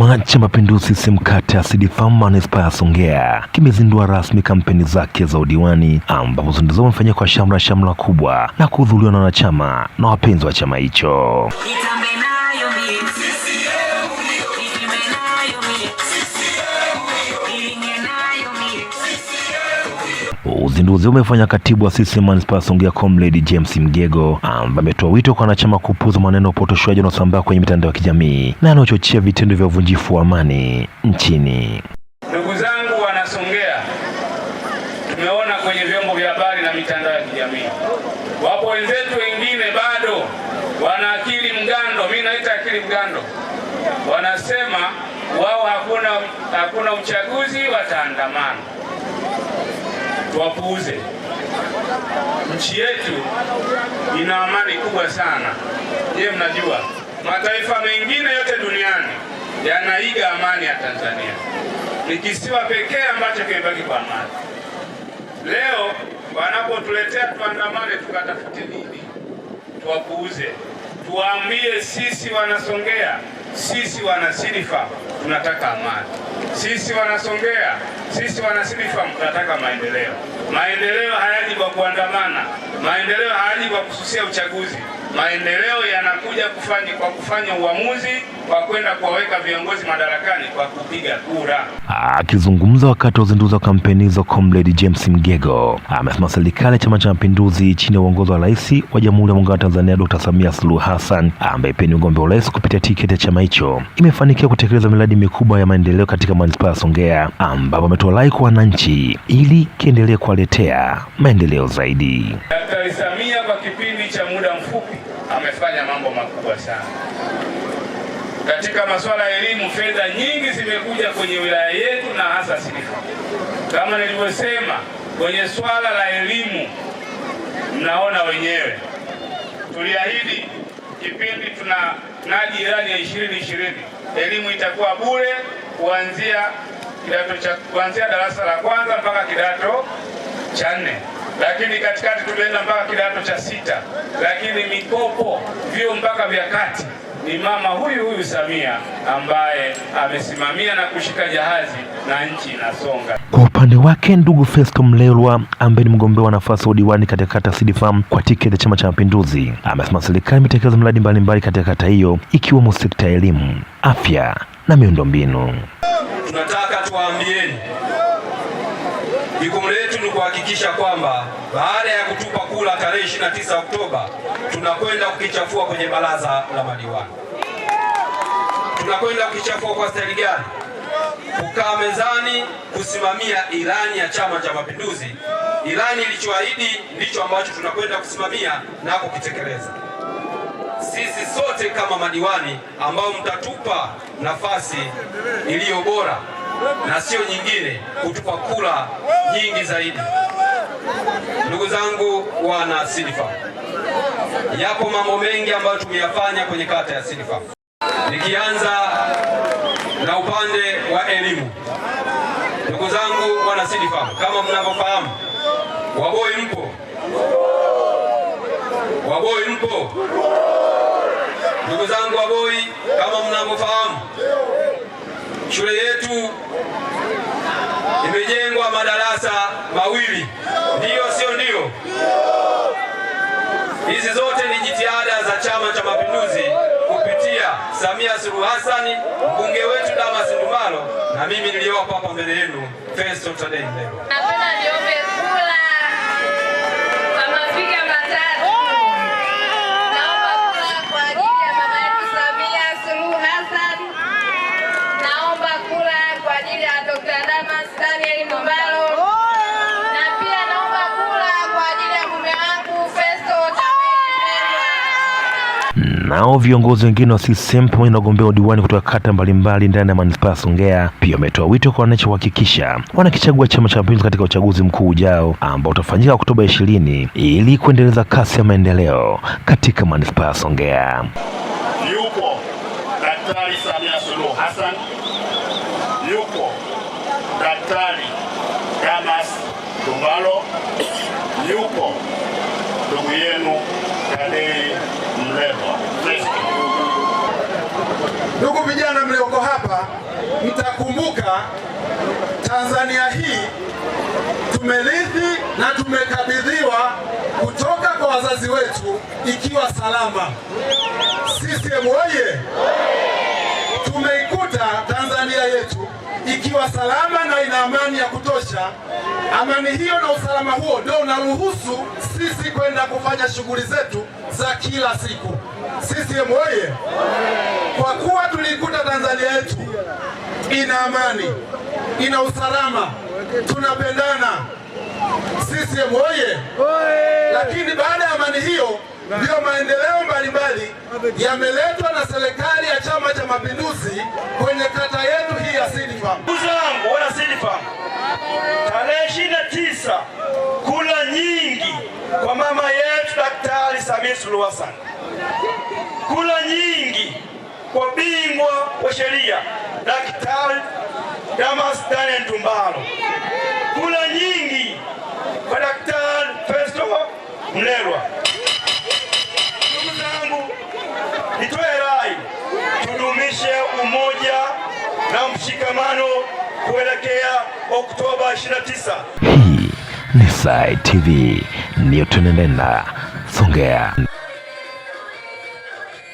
Chama cha Mapinduzi CCM kata ya CDFAM manispaa ya Songea kimezindua rasmi kampeni zake za udiwani, ambapo zindizo huo umefanyika kwa shamra shamra kubwa na kuhudhuriwa na wanachama na wapenzi wa chama hicho. Uzinduzi umefanya katibu wa CCM manispaa ya Songea Comrade James Mgego ambaye ametoa wito kwa wanachama kupuuza maneno ya upotoshaji unaosambaa kwenye mitandao ya kijamii na anaochochea vitendo vya uvunjifu wa amani nchini. Ndugu zangu Wanasongea, tumeona kwenye vyombo vya habari na mitandao ya kijamii, wapo wenzetu wengine bado wana akili mgando, mimi naita akili mgando, wanasema wao hakuna, hakuna uchaguzi wataandamana tuwapuuze. Nchi yetu ina amani kubwa sana. Je, mnajua mataifa mengine yote duniani yanaiga amani ya Tanzania? Ni kisiwa pekee ambacho kimebaki kwa amani. Leo wanapotuletea tuandamane, tukatafute nini? Tuwapuuze, tuwaambie sisi Wanasongea, sisi Wanasilifa tunataka amani. Sisi Wanasongea, sisi Wanasinifa tunataka maendeleo. Maendeleo hayaji kwa kuandamana, maendeleo hayaji kwa kususia uchaguzi. Maendeleo yanakuja kufanya kwa kufanya uamuzi kwa kwenda kuwaweka viongozi madarakani kwa kupiga kura. Akizungumza wakati wa uzinduzi wa kampeni hizo, Comrade James Mgego amesema serikali ya Chama cha Mapinduzi chini ya uongozi wa Rais wa Jamhuri ya Muungano wa Tanzania Dr. Samia Suluhu Hassan ambaye pia ni mgombea urais kupitia tiketi ya chama hicho imefanikiwa kutekeleza miradi mikubwa ya maendeleo katika katika manispaa ya Songea ambapo ametoa rai kwa wananchi ili kiendelee kuwaletea maendeleo zaidi. Daktari Samia kwa kipindi cha muda mfupi amefanya mambo makubwa sana katika masuala ya elimu. Fedha nyingi zimekuja kwenye wilaya yetu na hasa Silifa, kama nilivyosema kwenye swala la elimu, mnaona wenyewe tuliahidi kipindi tuna naji ilani ya ishirini ishirini elimu itakuwa bure kuanzia kidato cha kuanzia darasa la kwanza mpaka kidato cha nne, lakini katikati tulienda mpaka kidato cha sita, lakini mikopo vyuo mpaka vya kati ni mama huyu huyu Samia ambaye amesimamia na kushika jahazi na nchi inasonga. Kwa upande wake, ndugu festo Mlelwa ambaye ni mgombea wa nafasi ya udiwani katika kata Seedfarm kwa tiketi ya Chama cha Mapinduzi, amesema serikali imetekeleza miradi mbalimbali katika kata hiyo ikiwemo sekta ya elimu, afya na miundombinu. Tunataka tuwaambieni, jukumu letu ni kuhakikisha kwamba baada ya kutupa kula tarehe 29 Oktoba, tunakwenda kukichafua kwenye baraza la madiwani. Tunakwenda kukichafua kwa staili gani? Kukaa mezani, kusimamia ilani ya Chama cha Mapinduzi. Ilani ilichoahidi ndicho ambacho tunakwenda kusimamia na kukitekeleza. Sisi sote kama madiwani ambao mtatupa nafasi iliyo bora na sio nyingine, kutupa kula nyingi zaidi. Ndugu zangu wana Silifa, yapo mambo mengi ambayo tumeyafanya kwenye kata ya Silifa, nikianza na upande wa elimu. Ndugu zangu wana Silifa, kama mnavyofahamu, Waboi mpo, Waboi mpo Ndugu zangu Waboi, kama mnavyofahamu, shule yetu imejengwa madarasa mawili. Ndiyo sio ndio? Hizi zote ni jitihada za Chama cha Mapinduzi kupitia Samia Suluhu Hassan, mbunge wetu Damas Ndumbaro, na mimi niliyopo hapa mbele yenu Festo Tadei Mlema. Nao viongozi wengine wa CCM pamoja na wagombea udiwani kutoka kata mbalimbali ndani ya manispaa ya Songea pia wametoa wito kwa wananchi kuhakikisha wanakichagua Chama cha Mapinduzi katika uchaguzi mkuu ujao ambao utafanyika Oktoba ishirini ili kuendeleza kasi ya maendeleo katika manispaa ya Songea. yupo Daktari Samia Suluhu Hassan, yupo Daktari Damas Ndumbaro, yupo ndugu yenu Shadei Ndugu vijana mlioko hapa, mtakumbuka Tanzania hii tumerithi na tumekabidhiwa kutoka kwa wazazi wetu ikiwa salama. CCM oye! Tumeikuta ikiwa salama na ina amani ya kutosha. Amani hiyo na usalama huo ndio unaruhusu sisi kwenda kufanya shughuli zetu za kila siku. CCM oye! Kwa kuwa tuliikuta Tanzania yetu ina amani, ina usalama, tunapendana. CCM oye! Lakini baada ya amani hiyo ndiyo maendeleo mbalimbali yameletwa na serikali ya Chama cha Mapinduzi kwenye kata yetu hii ya Sinifamu. Ndugu zangu wana tarehe ishirini na tisa kula nyingi kwa mama yetu Daktari Samia Suluhu Hassan, kula nyingi kwa bingwa wa sheria Daktari Damas Daniel Ndumbaro, kula nyingi kwa Daktari Festo Mlelwa. na mshikamano kuelekea Oktoba 29. Hii ni Sai TV, ndiyo tunenenda Songea.